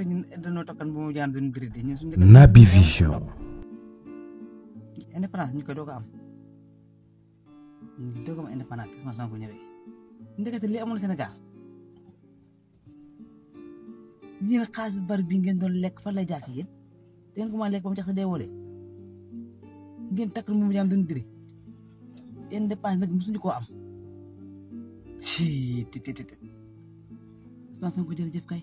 Kan- Nabi Vision. indépendance ñu koy doog a am ñu doog a am indépendance Ousmane Sonko ñëwee ndekete lii amul Sénégal yéen xaalis bari bi ngeen doon lekk fan lay jaar ci yéen dangeen ko ngeen diri indépendance am ci ti ti ti Ousmane Sonko kay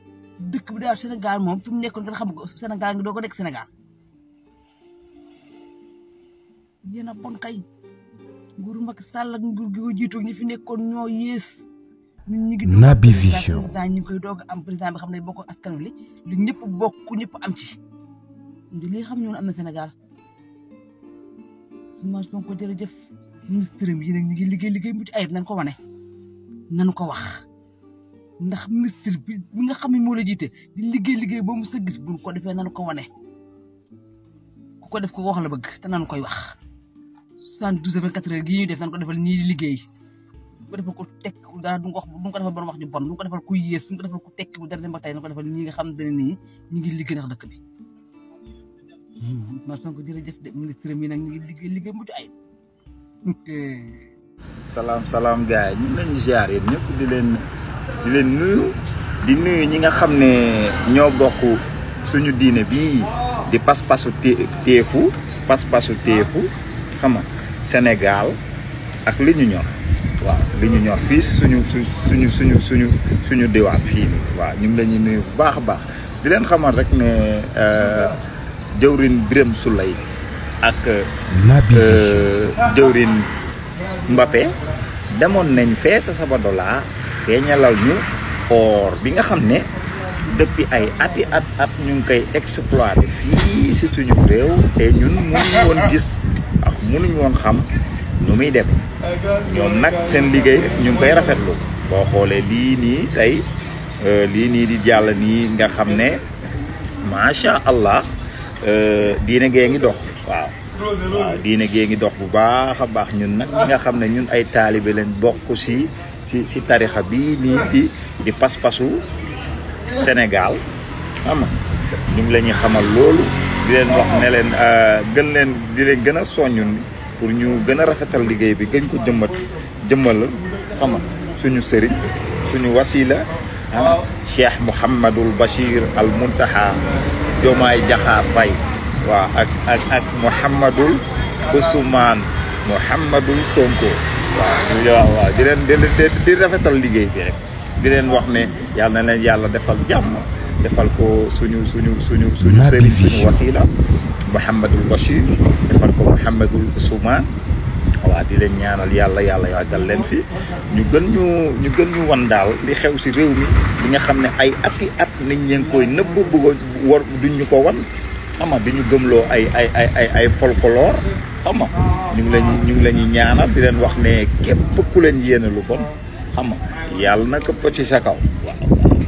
dëkk bi daal Sénégal moom fi mu nekkoon nga xam ko Sénégal nga doo ko nekk Sénégal yéen a bon kay nguur mag sàll ak nguur gi ko jiitu ñi fi nekkoon ñoo yées. ñu ngi Naby Vision ñu koy doog am président bi xam ne boo askan wi li ñëpp bokk ñëpp am ci. ñu lii xam ñoon am na Sénégal su ma ko jërëjëf ministre yi nag ñu ngi liggéey liggéey mucc ayib nañ ko wane nañ ko wax ndax ministre bi bi nga xam mo la jité di liggéey liggéey bo mu sa gis bu ko defee nan ko woné ku ko def ko wax la bëgg té nan koy wax 72 24 heures gi ñu def nan ko defal ñii di liggéey bu ko defal ku tekkiwul dara du ko wax du ko defal bon wax ñu bon du ko defal ku yees du ko defal ku tekkiwul dara dem ba tay nanu ko defal ñi nga xam dañ ni ñi ngi liggéey nak dëkk bi. Hmm, ma sax sonko jërëjëf de ministre mi nak ñi ngi liggéey liggéey mucc ayib. salaam salam gars yi ñu ngi ziaré di di leen. di leen nuyu di nuyu ñi nga xam ne ñoo bokk suñu diine bii di pas-pasu téefu pas-pasu téefu xam nga Sénégal ak li ñu ñor waaw li ñu ñor fii suñu suñu suñu suñu suñu diwaan fii nii waaw ñu ngi nuyu bu baax a baax di leen xamal rek ne euh, jëwrin Birame Souleye ak euh, euh, jëwrin Mbappé demoon nañ fee sa Sabadola feeñalal ñu or bi nga xamné depuis ay ati at at ñu ngi koy exploiter fi ci suñu rew té ñun ñu won gis ak ñu won xam nu muy dem ñom nak seen liggéey ñu ngi koy rafetlu xolé li ni tay euh li ni di jall ni nga xamné ma sha allah euh, diiné ge ngi dox waaw diiné ge gee ngi dox bu baaxa baax ñun nak nga xamné ñun ay taalibe leen bokk si ci si tarixa bi ni di di pas-pasu Senegal, xam nga ñu ngi xamal loolu di leen wax ne leen euh, gën leen di leen gëna soñu pour ñu gëna rafetal bi gën ko jëmmat jëmmal xam suñu sëriñ suñu wasila ah Cheikh Muhammadul Bachir al Muntaha Jomay Jaha wa wa ak ak ak Muhammadul Ousmane Sonko waaw di leen di di rafetal liggéey bi rek di leen wax ne yàlla yàlla defal jàmm defal ko suñu suñu suñu suñu sëriñ suñu wasila Mouhamadul Bachir defal ko Mouhamadul Ousmane waaw di leen ñaanal yàlla yàlla yàggal leen fi ñu gën ñu ñu gën daal li xew si réew mi li nga xam ne ay ati at nit ñi ngi koy nëbb bëgg war duñ ñu ko won xam nga lo ay ay ay ay ay folklore xam nga ñu ngi lañu ñu ngi lañu ñaanal di leen wax ne képp ku leen yéene lu bon xam nga na ci sa kaw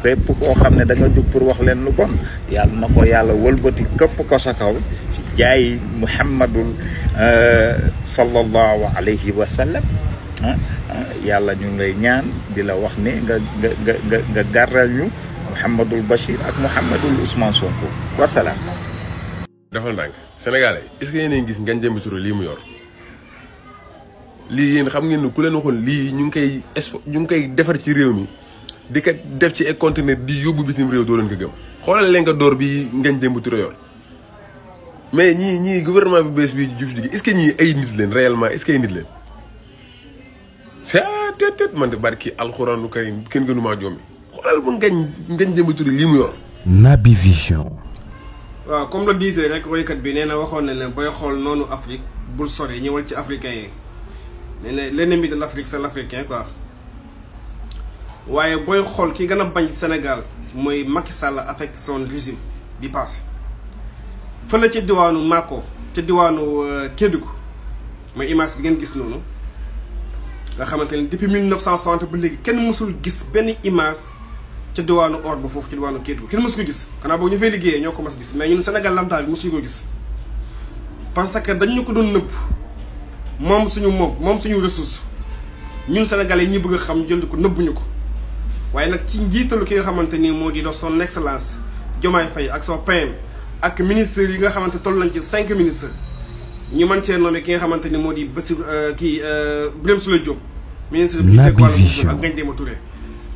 képp ko xam ne da nga jup pour wax leen lu bon yalla na ko wëlbati ko sa kaw ci jaay muhammadul euh, sallallahu alayhi wa sallam ah, ah, yalla ñu lay ñaan di la wax ne nga nga nga nga ñu muhammadul bashir ak muhammadul usman sonko defal ndànk sénégalais est-ce que gis ngañ Demba lii mu yor lii yéen xam ngeen ne ku leen waxoon lii ñu ngi koy expo ñu ngi koy defar ci réew mi di ka def ci ay conteneur di yóbbu bitim réew doo leen ko gëm. xoolal leen ko door bi Ngagne Demba Touré yor mais ñii ñii gouvernement bu bees bi jub jigi est ñii ay nit leen réellement est-ce que ay nit leen c'est tet man de barki alxuraanu karim kenn gënu maa joom bi xoolal ba Ngagne Ngagne Demba Touré lii mu yor. Naby comme le disait rek woykat bi nee na waxoon boy xol booy Afrique bul sori ñëwal ci africain né l'ennemi de l'Afrique c'est l'africain quoi waye boy xol ki gëna bañ Sénégal moy Macky Sall avec son régime bi passé fële ci diwanu Mako ca diwanu euh, Kédougou moy image bi ngeen gis noonu nga xamante ne depuis 1960 ba légui kenn mësul gis benn image ca diwaanu or ba foofu ci diwaanu Kédougou kenn mosu ko gis xanaa boobu ñu fay liggéeyee ñoo ko mas gis mais ñun Sénégal lamtaa bi mosuñu ko gis parce que dañu ko doon nëpp moom suñu moom moom suñu ressource ñun yi ñi bëgg a xam jël ko nëbbuñu ko waaye nag ci njiitalu ki nga xamante ni moo di dox son excellence Diomaye fay ak son PM ak ministre yi nga xamante toll nañ ci cinq ministre ñu mën cee nommé ki nga xamante ni moo di Bassirou euh, kii euh, Birame Souleye Diop ministre bi teg wàllu ak Ngagne Demba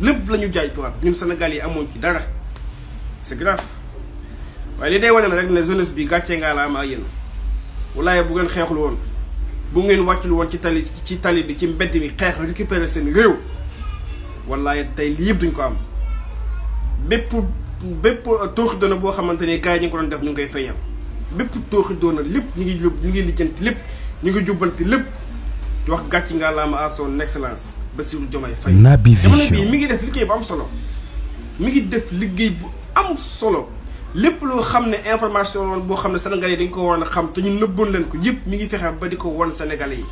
lépp la ñu jaay tubaab ñun senegal yi amoon ci dara c'est grave waaye li day wane na rek ne jeunesse bi gàccee ngaa la am ak yéen walaaye bu ngeen xeexul woon bu ngeen wàccul woon ci tali ci tali bi ci mbedd mi xeex récupérer seen réew walaaye tey lii yëpp duñ ko am bépp bépp tooxi doona boo xamante ni gars ñu ngi doon def ñu ngi koy fayal bépp tooxi doona lépp ñu ngi ñu ngi lijjanti lépp ñu ngi jubbanti lépp di wax gàcci ngaa la am à son excellence Bassirou Diomaye Faye Naby Vision jamono mi ngi def liggéey bu am solo mi ngi def liggéey bu am solo lépp loo xam ne information woon boo xam ne sénégalais yi dañ ko waroon a xam te ñu nëbboon leen ko yëpp mu ngi fexe ba di ko won sénégalais yi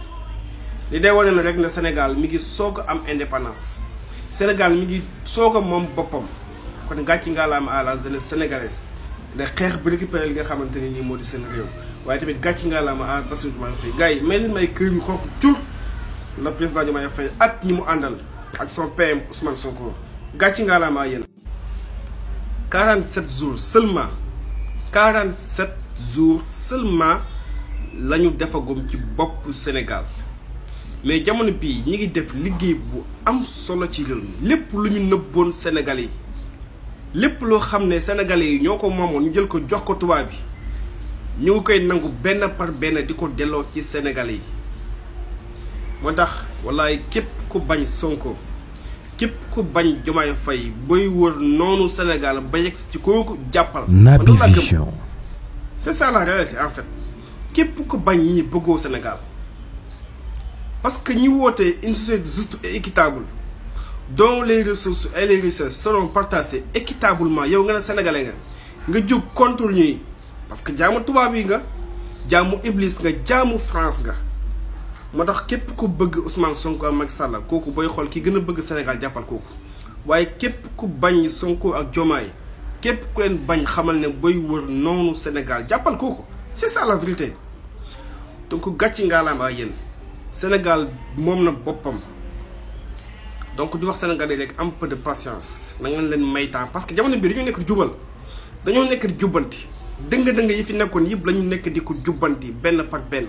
li day wane na rek ne Sénégal mi ngi soog a am indépendance Sénégal mi ngi soog a moom boppam kon gàcci ngaalaama à la jeunesse sénégalaise da xeex bu récupéré li nga xamante ne nii moo di seen réew waaye tamit gàcci ngaalaama à Bassirou Diomaye Faye gars le président Diomaye Faye ak ñi mu àndal ak son PM Ousmane Sonko gàcci ngaalaamaa yéen 47 jours seulement 47 jours jour la lañu defagum ci bopp Sénégal mais jamono bii ñi ngi def liggéey bu am solo ci réew mi lépp lu ñu nëbboon Sénégalais yi lépp loo xam ne Sénégalais yi ñoo ko moomoon ñu jël ko jox ko tubaab bi ñu ngi koy nangu benn par benn di ko delloo ci Sénégalais yi moo tax wallaay képp ku bañ Sonko képp ku bañ Jomaay Fay booy wër noonu Sénégal ba yegg ci kooku jàppal. Naby Vision c'est ça la réalité en fait képp ko bañ ñi bëggoo Sénégal parce que ñi woote une société juste et équitable dont les ressources et les richesses seront partagées équitablement yow nga ne nga nga jóg contre ñuy parce que jaamu tubaab yi nga jaamu Iblis nga jaamu France nga. moo tax képp ku bëgg Ousmane Sonko ak Macky Sall kooku booy xool ki gën a bëgg Sénégal jàppal kooku waaye képp ku bañ Sonko ak Diomaye képp ku leen bañ xamal ne booy wër noonu Sénégal jàppal kooku c'est ça la vérité donc gàcci ngaalaama yéen Sénégal moom na boppam donc di wax Sénégalais rek am peu de patience na ngeen leen may temps parce que jamono bii dañoo nekk jubal dañoo nekk jubbanti dëng-dëng yi fi nekkoon yëpp lañu nekk di ko jubbanti benn par benn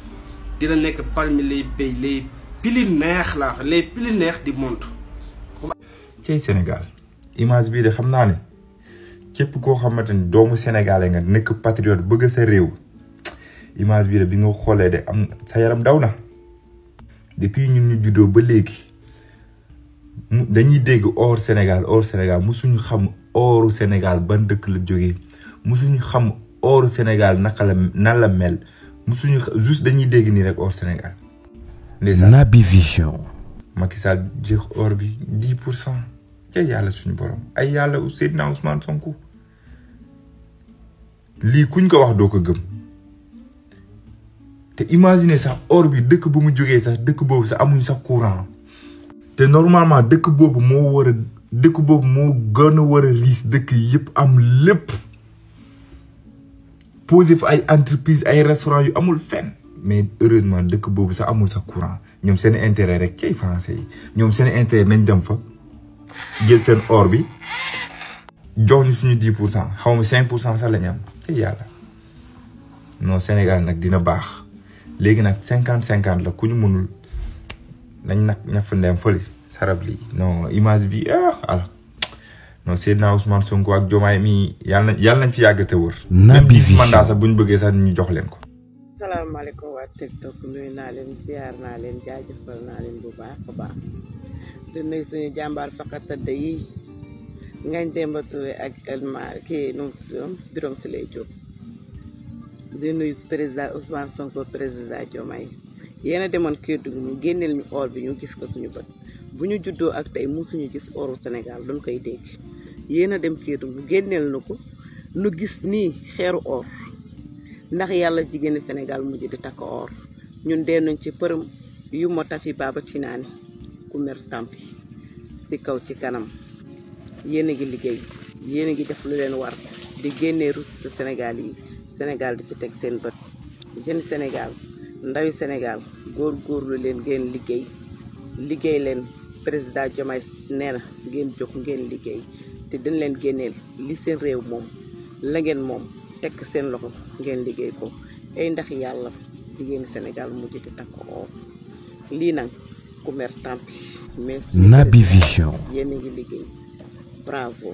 dina nekk parmi les pays les plus neex laa wax les plus neex du monde. ci Sénégal image bii de xam naa ne képp koo xamante ni doomu sénégalais nga nekk patriote bëgg sa réew image bii de bi nga xoolee de am sa yaram daw na. depuis ñun ñu juddoo ba léegi dañuy dégg or Sénégal or Sénégal musuñu xam oru Sénégal ba dëkk la jógee musuñu xam oru Sénégal naka la nan la mel. suñu juste dañuy dégg nii rek or Sénégal. ndeysaan Naby Vision. Macky jeex or bi dix pour cent. ca yàlla suñu borom ay yàlla Seydina Ousmane Sonko. lii kuñ ko wax doo ko gëm. te imaginer sax or bi dëkk bu mu jógee sax dëkk boobu sax amuñ sax courant. te normalement dëkk boobu moo war dëkk boobu moo gën a war a riis dëkk yëpp am lépp. posé à entreprise ay restaurant yu amul mais heureusement qui que vous amul sax courant des seen intérêt rek cay français Nous de seen intérêt nañ dem fa jël seen or bi jox ni Nous 10%. des la Sénégal dina bon. 50 la mënul nañ des non ah alors non Seydina Ousmane Sonko ak Diomaye mi yàlla nañ yàlla nañ fi yàgg te wër. même gis mandat sax bu ñu bëggee sax ñu jox leen ko. salaamaaleykum waa TikTok nuyu naa leen siyaar naa leen jaajëfal naa leen bu baax a baax di nuyu suñu jàmbaar faqatad yi ngañ Demba Touré ak Elmar kii nu Birame Souleye Diop di nuyu président demoon Kédougou ñu génneel ñu or bi ñu gis ko suñu bët bu ñu juddoo ak tey musuñu gis oru Sénégal duñ koy dégg. yéen a dem Kédougou génneel na ko nu gis nii xeeru or ndax yàlla jigéeni Sénégal mujj di takk or ñun dee ci përëm yu ma tafi baaba ci ku mer tampi ci kaw ci kanam yéen a ngi liggéey yéen a ngi def lu leen war di génnee rus sa Sénégal yi Sénégal di ci teg seen bët jeune Sénégal ndawi Sénégal góor góorlu leen ngeen liggéey liggéey leen président joma neena ngeen jóg ngeen liggéey te dañ leen génneel li seen réew moom la ngeen moom tekk seen loxo ngeen liggéey ko ay ndax yàlla jigéeni Sénégal mujj te takk oo lii nag ku mer tampi mais Naby Vision yéen ngi liggéey bravo